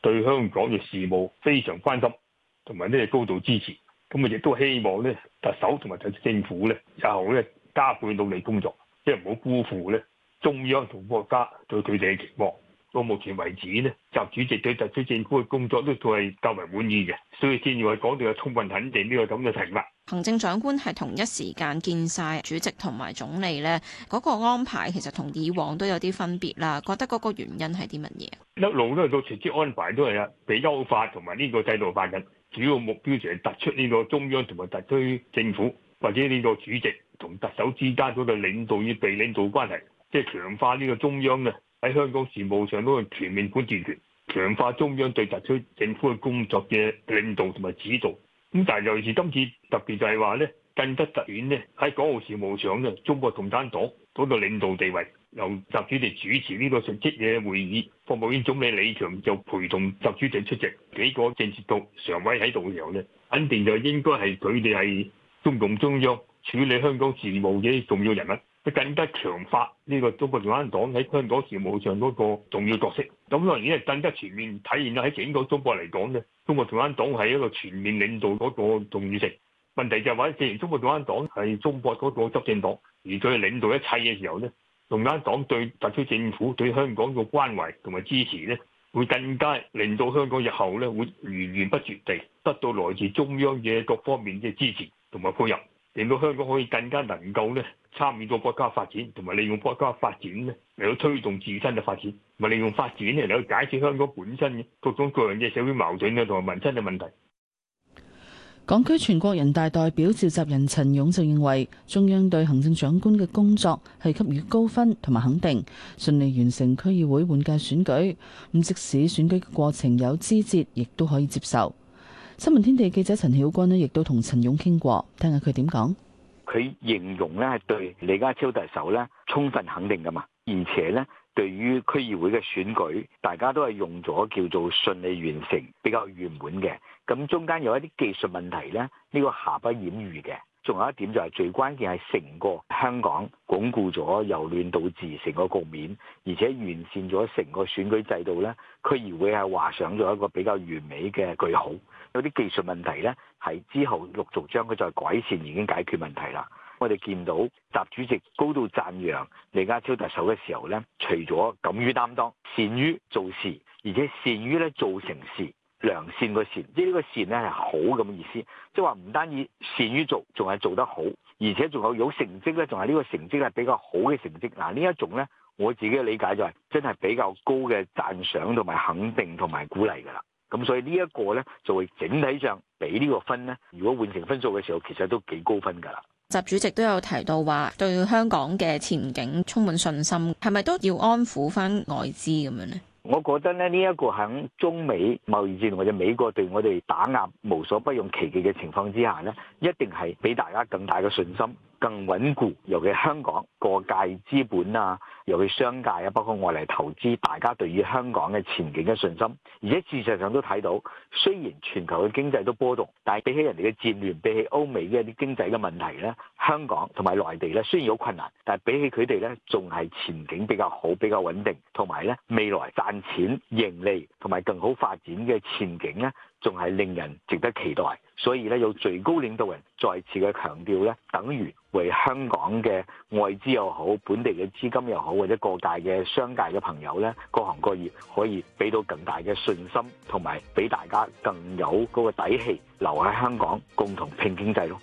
對香港嘅事務非常關心，同埋呢高度支持，咁啊亦都希望呢特首同埋特區政府呢，以後呢加倍努力工作，即係唔好辜負呢中央同國家對佢哋嘅期望。到目前為止咧，習主席對特區政府嘅工作都仲係較為滿意嘅，所以先至話講到有充分肯定呢個咁嘅提法。行政長官係同一時間見晒主席同埋總理咧，嗰個安排其實同以往都有啲分別啦。覺得嗰個原因係啲乜嘢？一路都係個直接安排都係啊，俾優化同埋呢個制度化嘅主要目標，就係突出呢個中央同埋特區政府或者呢個主席同特首之間嗰個領導與被領導關係，即係強化呢個中央嘅。喺香港事務上都係全面管治權，強化中央對特區政府嘅工作嘅領導同埋指導。咁但係尤其是今次特別就係話咧，更加突顯呢，喺港澳事務上嘅中國共產黨嗰個領導地位，由習主席主持呢個述職嘅會議，國務院總理李強就陪同習主席出席幾個政治局常委喺度嘅時候呢，肯定就應該係佢哋係中共中央處理香港事務嘅重要人物。更加強化呢個中國共產黨喺香港事務上嗰個重要角色，咁當然係更加全面體現咗喺整個中國嚟講呢，中國共產黨係一個全面領導嗰個重要性。問題就係話，既然中國共產黨係中國嗰個執政黨，而佢領導一切嘅時候呢，共產黨對特區政府對香港嘅關懷同埋支持呢，會更加令到香港日後呢會源源不絕地得到來自中央嘅各方面嘅支持同埋配合，令到香港可以更加能夠呢。參與到國家發展，同埋利用國家發展咧嚟到推動自身嘅發展，同埋利用發展咧嚟到解決香港本身各種各樣嘅社會矛盾嘅同埋民生嘅問題。港區全國人大代表召集人陳勇就認為，中央對行政長官嘅工作係給予高分同埋肯定，順利完成區議會換屆選舉。咁即使選舉嘅過程有枝節，亦都可以接受。新聞天地記者陳曉君咧，亦都同陳勇傾過，聽下佢點講。佢形容咧係對李家超特首咧充分肯定噶嘛，而且咧對於區議會嘅選舉，大家都係用咗叫做順利完成比較圓滿嘅，咁中間有一啲技術問題咧，呢、這個瑕不掩瑜嘅，仲有一點就係、是、最關鍵，係成個香港鞏固咗由亂到治成個局面，而且完善咗成個選舉制度咧，區議會係畫上咗一個比較完美嘅句號。嗰啲技術問題咧，喺之後陸續將佢再改善，已經解決問題啦。我哋見到習主席高度讚揚李家超特首嘅時候咧，除咗敢於擔當、善於做事，而且善於咧做成事，良善個善，即係呢個善咧係好咁嘅意思，即係話唔單止善於做，仲係做得好，而且仲有有成績咧，仲係呢個成績係比較好嘅成績。嗱，呢一種咧，我自己理解就係真係比較高嘅讚賞同埋肯定同埋鼓勵㗎啦。咁所以呢一個呢，就會整體上俾呢個分呢，如果換成分數嘅時候，其實都幾高分噶啦。習主席都有提到話，對香港嘅前景充滿信心，係咪都要安撫翻外資咁樣呢？我覺得咧，呢一個喺中美貿易戰或者美國對我哋打壓無所不用其極嘅情況之下呢，一定係俾大家更大嘅信心。更穩固，尤其香港各界資本啊，尤其商界啊，包括外嚟投資，大家對於香港嘅前景嘅信心，而且事實上都睇到，雖然全球嘅經濟都波動，但係比起人哋嘅戰亂，比起歐美嘅一啲經濟嘅問題咧，香港同埋內地咧，雖然有困難，但係比起佢哋咧，仲係前景比較好、比較穩定，同埋咧未來賺錢、盈利同埋更好發展嘅前景咧，仲係令人值得期待，所以咧有最高領導人再次嘅強調咧，等於為香港嘅外資又好，本地嘅資金又好，或者各界嘅商界嘅朋友咧，各行各業可以俾到更大嘅信心，同埋俾大家更有嗰個底氣留喺香港，共同拼經濟咯。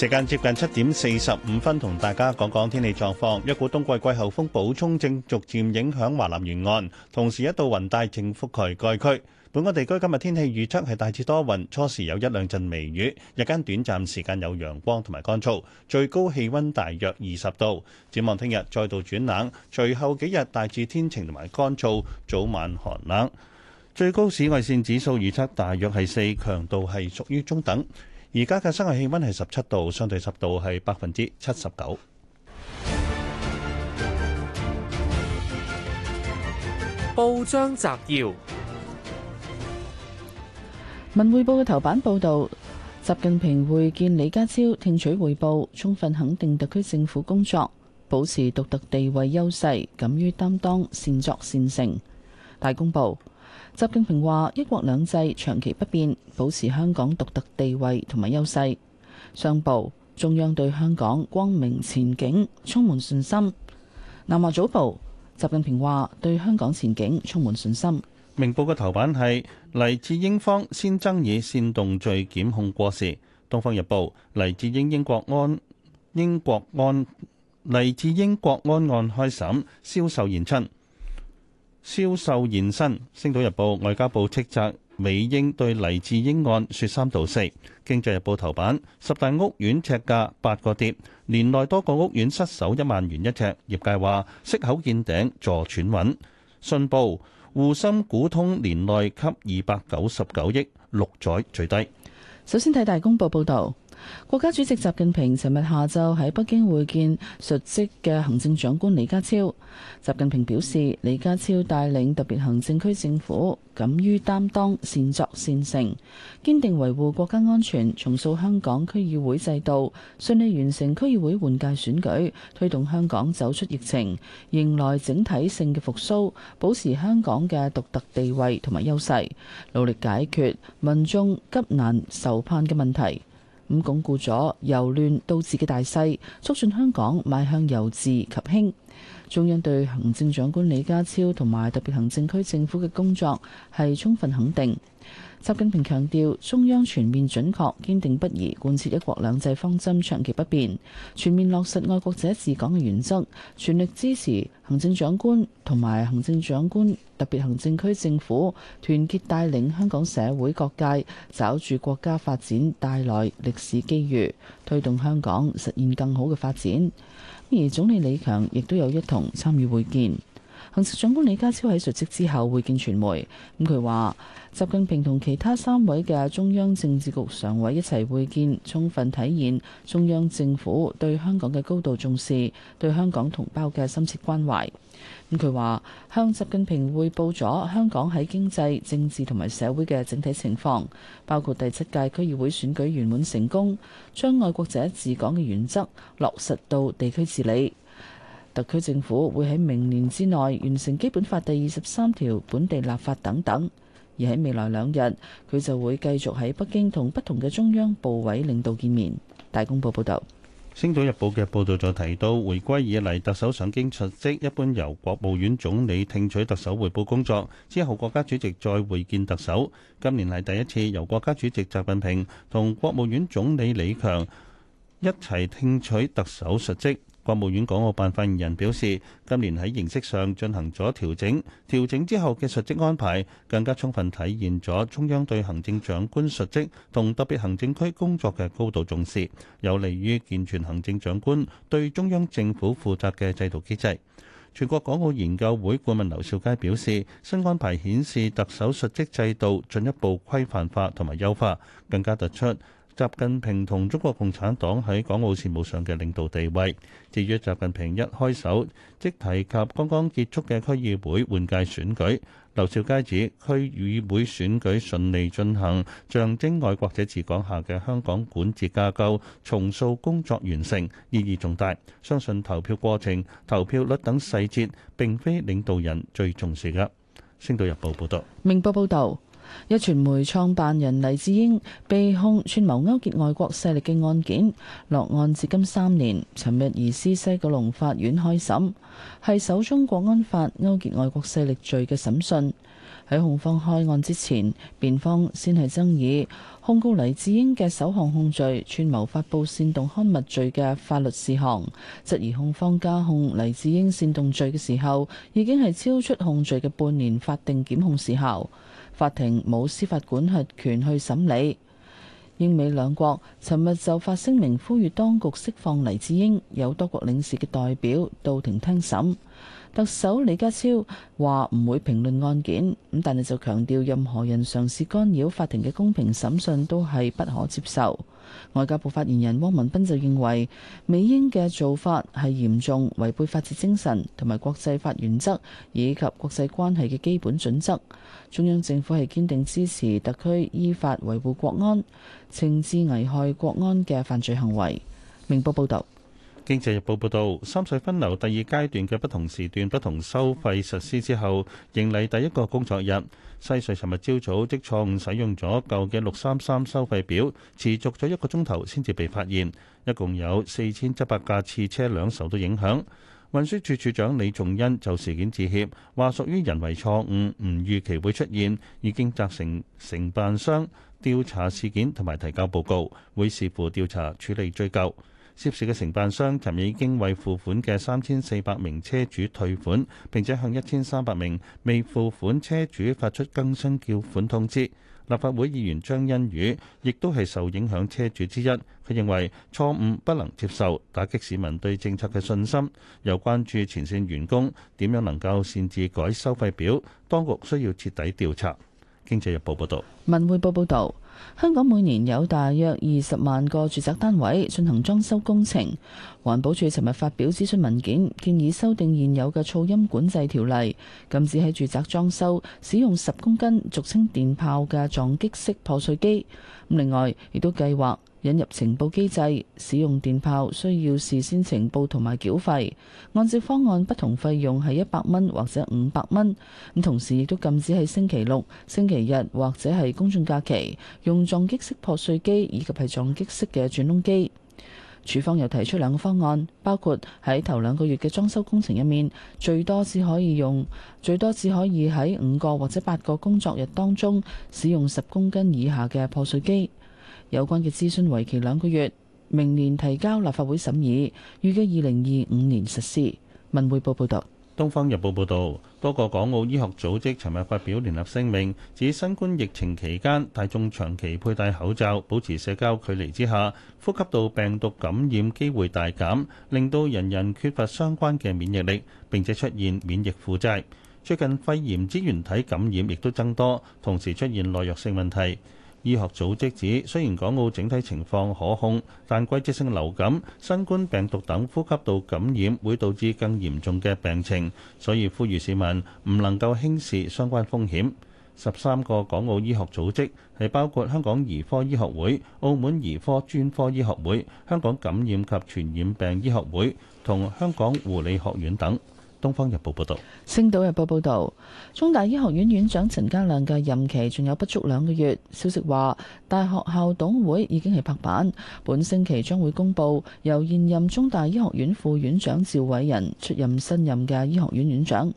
時間接近七點四十五分，同大家講講天氣狀況。一股冬季季候風補充正逐漸影響華南沿岸，同時一道雲帶正覆蓋該區。本港地區今日天，天氣預測係大致多雲，初時有一兩陣微雨，日間短暫時間有陽光同埋乾燥，最高氣温大約二十度。展望聽日再度轉冷，隨後幾日大致天晴同埋乾燥，早晚寒冷。最高紫外線指數預測大約係四，強度係屬於中等。而家嘅室外氣溫係十七度，相對濕度係百分之七十九。報章摘要：《文匯報》嘅頭版報道，習近平會見李家超，聽取匯報，充分肯定特區政府工作，保持獨特地位優勢，敢於擔當，善作善成。大公報。習近平話：一國兩制長期不變，保持香港獨特地位同埋優勢。商報，中央對香港光明前景充滿信心。南華早報：習近平話，對香港前景充滿信心。明報嘅頭版係黎智英方先爭議煽動罪檢控過時。東方日報：黎智英英國安英國安黎智英國安案開審，消售言出。銷售現身，《星島日報》外交部斥責美英對黎智英案說三道四，《經濟日報》頭版十大屋苑尺價八個跌，年內多個屋苑失守一萬元一尺，業界話息口見頂助喘穩。信報，滬深股通年內吸二百九十九億，六載最低。首先睇大公報報道。國家主席習近平尋日下晝喺北京會見述職嘅行政長官李家超。習近平表示，李家超帶領特別行政區政府敢於擔當，善作善成，堅定維護國家安全，重塑香港區議會制度，順利完成區議會換屆選舉，推動香港走出疫情，迎來整體性嘅復甦，保持香港嘅獨特地位同埋優勢，努力解決民眾急難愁盼嘅問題。咁鞏固咗由亂到治嘅大勢，促進香港邁向由治及興。中央對行政長官李家超同埋特別行政區政府嘅工作係充分肯定。習近平強調，中央全面準確、堅定不移貫徹一國兩制方針長期不變，全面落實愛國者治港嘅原則，全力支持行政長官同埋行政長官特別行政區政府團結帶領香港社會各界，抓住國家發展帶來歷史機遇，推動香港實現更好嘅發展。而總理李強亦都有一同參與會見。行政長官李家超喺述職之後會見傳媒，咁佢話習近平同其他三位嘅中央政治局常委一齊會見，充分體現中央政府對香港嘅高度重視，對香港同胞嘅深切關懷。咁佢話向習近平匯報咗香港喺經濟、政治同埋社會嘅整體情況，包括第七屆區議會選舉圓滿成功，將愛國者治港嘅原則落實到地區治理。特區政府會喺明年之內完成基本法第二十三條本地立法等等，而喺未來兩日，佢就會繼續喺北京同不同嘅中央部委領導見面。大公報報道，《星島日報》嘅報導就提到，回歸以嚟特首上京述職，一般由國務院總理聽取特首彙報工作之後，國家主席再會見特首。今年係第一次由國家主席習近平同國務院總理李強一齊聽取特首述職。國務院港澳辦發言人表示，今年喺形式上進行咗調整，調整之後嘅述職安排更加充分體現咗中央對行政長官述職同特別行政區工作嘅高度重視，有利於健全行政長官對中央政府負責嘅制度機制。全國港澳研究會顧問劉兆佳表示，新安排顯示特首述職制度進一步規範化同埋優化，更加突出習近平同中國共產黨喺港澳事務上嘅領導地位。至於習近平一開首，即提及剛剛結束嘅區議會換屆選舉，劉兆佳指區議會選舉順利進行，象徵愛國者治港下嘅香港管治架構重塑工作完成，意義重大。相信投票過程、投票率等細節並非領導人最重視嘅。星島日報報導，明報報導。一傳媒創辦人黎智英被控串謀勾結外國勢力嘅案件落案至今三年，尋日移師西九龍法院開審，係首宗國安法勾結外國勢力罪嘅審訊。喺控方開案之前，辯方先係爭議控告黎智英嘅首項控罪串謀發佈煽動刊物罪嘅法律事項，質疑控方加控黎智英煽動罪嘅時候，已經係超出控罪嘅半年法定檢控時效。法庭冇司法管轄權去審理。英美兩國尋日就發聲明呼籲當局釋放黎智英，有多國領事嘅代表到庭聽審。特首李家超話唔會評論案件，咁但係就強調任何人嘗試干擾法庭嘅公平審訊都係不可接受。外交部發言人汪文斌就認為美英嘅做法係嚴重違背法治精神同埋國際法原則以及國際關係嘅基本準則，中央政府係堅定支持特區依法維護國安，懲治危害國安嘅犯罪行為，明報報道。經濟日報報導，三隧分流第二階段嘅不同時段不同收費實施之後，迎嚟第一個工作日，西隧尋日朝早即錯誤使用咗舊嘅六三三收費表，持續咗一個鐘頭先至被發現，一共有四千七百架次車輛受到影響。運輸署署長李仲恩就事件致歉，話屬於人為錯誤，唔預期會出現，已經責成承辦商調查事件同埋提交報告，會視乎調查處理追究。涉事嘅承辦商尋日已經為付款嘅三千四百名車主退款，並且向一千三百名未付款車主發出更新叫款通知。立法會議員張欣宇亦都係受影響車主之一，佢認為錯誤不能接受，打擊市民對政策嘅信心。又關注前線員工點樣能夠擅自改收費表，當局需要徹底調查。經濟日報報道。文匯報報導。香港每年有大約二十萬個住宅單位進行裝修工程，環保署尋日發表諮詢文件，建議修訂現有嘅噪音管制條例，禁止喺住宅裝修使用十公斤俗稱電炮嘅撞擊式破碎機。另外亦都計劃。引入情報機制，使用電炮需要事先情報同埋繳費。按照方案，不同費用係一百蚊或者五百蚊。咁同時亦都禁止喺星期六、星期日或者係公眾假期用撞擊式破碎機以及係撞擊式嘅轉動機。署方又提出兩個方案，包括喺頭兩個月嘅裝修工程入面，最多只可以用最多只可以喺五個或者八個工作日當中使用十公斤以下嘅破碎機。有關嘅諮詢為期兩個月，明年提交立法會審議，預計二零二五年實施。文匯報報道，東方日報報導，多個港澳醫學組織尋日發表聯合聲明，指新冠疫情期間，大眾長期佩戴口罩、保持社交距離之下，呼吸道病毒感染機會大減，令到人人缺乏相關嘅免疫力，並且出現免疫負債。最近肺炎支原體感染亦都增多，同時出現耐藥性問題。醫學組織指，雖然港澳整體情況可控，但季節性流感、新冠病毒等呼吸道感染會導致更嚴重嘅病情，所以呼籲市民唔能夠輕視相關風險。十三個港澳醫學組織係包括香港兒科醫學會、澳門兒科專科醫學會、香港感染及傳染病醫學會同香港護理學院等。《東方日報》報道，《星島日報》報道：「中大醫學院院長陳家亮嘅任期仲有不足兩個月。消息話，大學校董會已經係拍板，本星期將會公布由現任中大醫學院副院長趙偉仁出任新任嘅醫學院院長。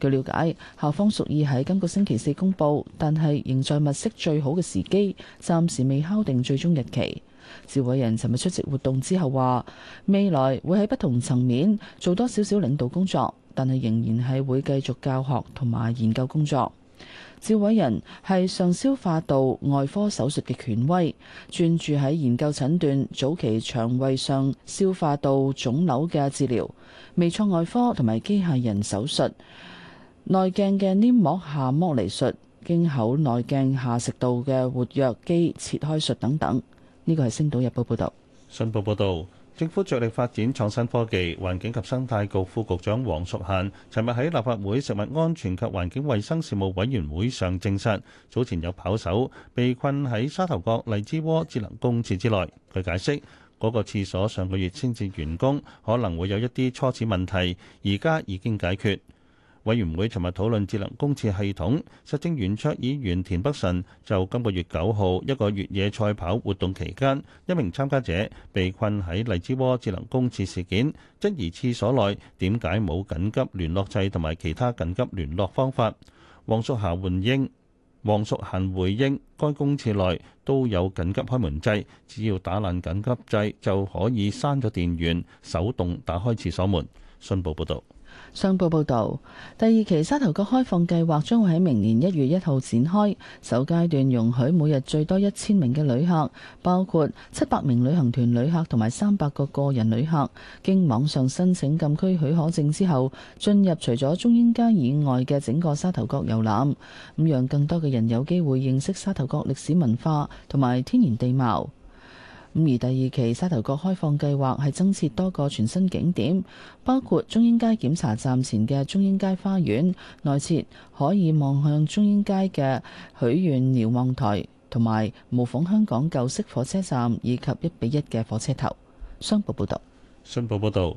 據了解，校方屬意喺今個星期四公佈，但係仍在物色最好嘅時機，暫時未敲定最終日期。趙偉仁尋日出席活動之後話，未來會喺不同層面做多少少領導工作。但係仍然係會繼續教學同埋研究工作。趙偉仁係上消化道外科手術嘅權威，專注喺研究診斷早期腸胃上消化道腫瘤嘅治療、微創外科同埋機械人手術、內鏡嘅黏膜下剝離術、經口內鏡下食道嘅括約肌切開術等等。呢個係星島日報報道。新報報導。政府着力發展創新科技。環境及生態局副局長黃淑嫻尋日喺立法會食物安全及環境衞生事務委員會上證實，早前有跑手被困喺沙頭角荔枝窩智能公廁之內。佢解釋，嗰、那個廁所上個月先至完工，可能會有一啲初始問題，而家已經解決。委員會尋日討論智能公廁系統，實政圓桌議員田北辰就今個月九號一個越野賽跑活動期間，一名參加者被困喺荔枝窩智能公廁事件，質疑廁所內點解冇緊急聯絡掣同埋其他緊急聯絡方法。黃淑霞回應，黃淑嫻回應，該公廁內都有緊急開門掣，只要打爛緊急掣就可以閂咗電源，手動打開廁所門。信報報導。商報報道，第二期沙頭角開放計劃將會喺明年一月一號展開。首階段容許每日最多一千名嘅旅客，包括七百名旅行團旅客同埋三百個個人旅客，經網上申請禁區許可證之後，進入除咗中英街以外嘅整個沙頭角遊覽。咁，讓更多嘅人有機會認識沙頭角歷史文化同埋天然地貌。咁而第二期沙頭角開放計劃係增設多個全新景點，包括中英街檢查站前嘅中英街花園，內設可以望向中英街嘅許願瞭望台，同埋模仿香港舊式火車站以及一比一嘅火車頭。商報報道。商報報導。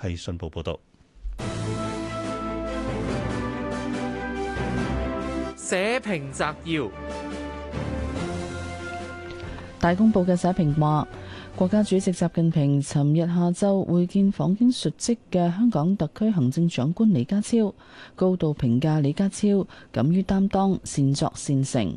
係信報報道，社評摘要， 大公報嘅社評話。國家主席習近平尋日下晝會見訪京述職嘅香港特區行政長官李家超，高度評價李家超敢於擔當、善作善成，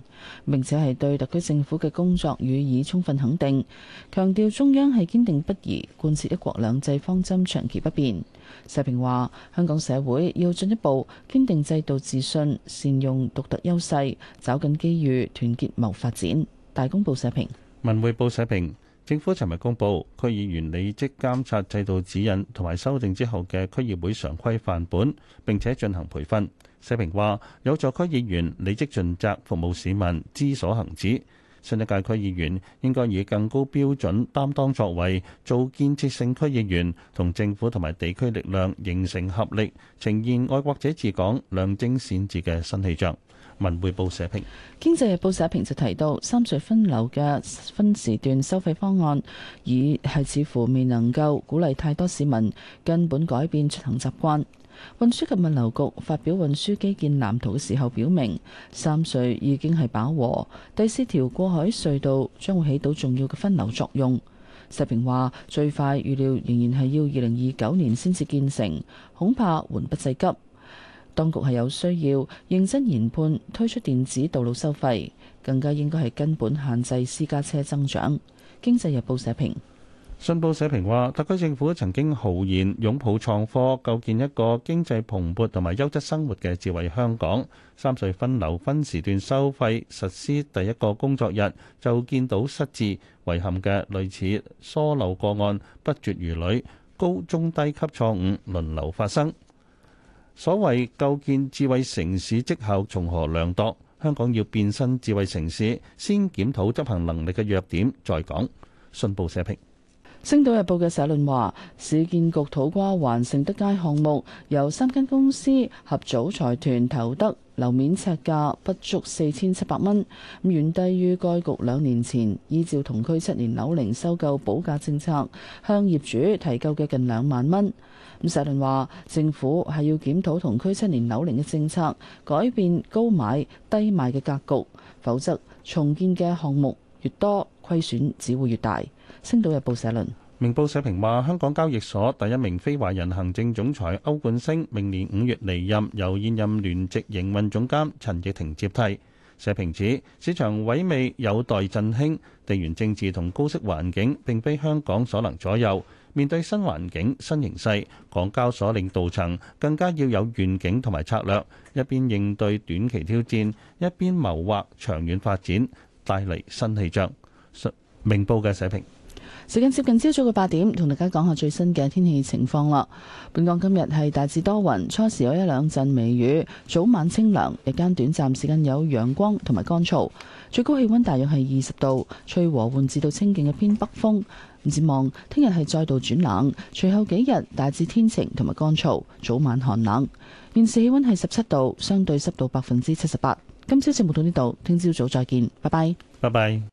並且係對特區政府嘅工作予以充分肯定。強調中央係堅定不移貫徹一國兩制方針，長期不變。社評話：香港社會要進一步堅定制度自信，善用獨特優勢，找緊機遇，團結謀發展。大公報社評、文匯報社評。政府尋日公布區議員履職監察制度指引同埋修訂之後嘅區議會常規範本，並且進行培訓。社評話有助區議員履職盡責服務市民知所行止。新一屆區議員應該以更高標準擔當作為，做建設性區議員，同政府同埋地區力量形成合力，呈現愛國者治港、良政善治嘅新氣象。文匯報社評，經濟日報社評就提到，三隧分流嘅分時段收費方案，已係似乎未能夠鼓勵太多市民根本改變出行習慣。運輸及物流局發表運輸基建藍圖嘅時候，表明三隧已經係飽和，第四條過海隧道將會起到重要嘅分流作用。社評話，最快預料仍然係要二零二九年先至建成，恐怕緩不濟急。當局係有需要認真研判推出電子道路收費，更加應該係根本限制私家車增長。經濟日報社評，信報社評話，特區政府曾經豪言擁抱創科，構建一個經濟蓬勃同埋優質生活嘅智慧香港。三隧分流分時段收費實施第一個工作日，就見到失智遺憾嘅類似疏漏個案不絕如縷，高中低級錯誤輪流發生。所謂構建智慧城市績效從何量度？香港要變身智慧城市，先檢討執行能力嘅弱點，再講。信報社評，《星島日報》嘅社論話，市建局土瓜灣盛德街項目由三間公司合組財團投得，樓面尺價不足四千七百蚊，咁遠低於該局兩年前依照同區七年樓齡收購保價政策向業主提夠嘅近兩萬蚊。咁社論話，政府係要檢討同區七年樓齡嘅政策，改變高買低賣嘅格局，否則重建嘅項目越多，虧損只會越大。星島日報社論。明報社評話，香港交易所第一名非華人行政總裁歐冠昇明年五月離任，由現任聯席營運總監陳翊庭接替。社評指，市場萎靡有待振興，地緣政治同高息環境並非香港所能左右。面對新環境、新形勢，港交所領導層更加要有願景同埋策略，一邊應對短期挑戰，一邊謀劃長遠發展，帶嚟新氣象。明報嘅社評。時間接近朝早嘅八點，同大家講下最新嘅天氣情況啦。本港今日係大致多雲，初時有一兩陣微雨，早晚清涼，日間短暫時間有陽光同埋乾燥，最高氣溫大約係二十度，吹和緩至到清勁嘅偏北風。唔展望聽日係再度轉冷，隨後幾日大致天晴同埋乾燥，早晚寒冷。現時氣溫係十七度，相對濕度百分之七十八。今朝節目到呢度，聽朝早再見，拜拜，拜拜。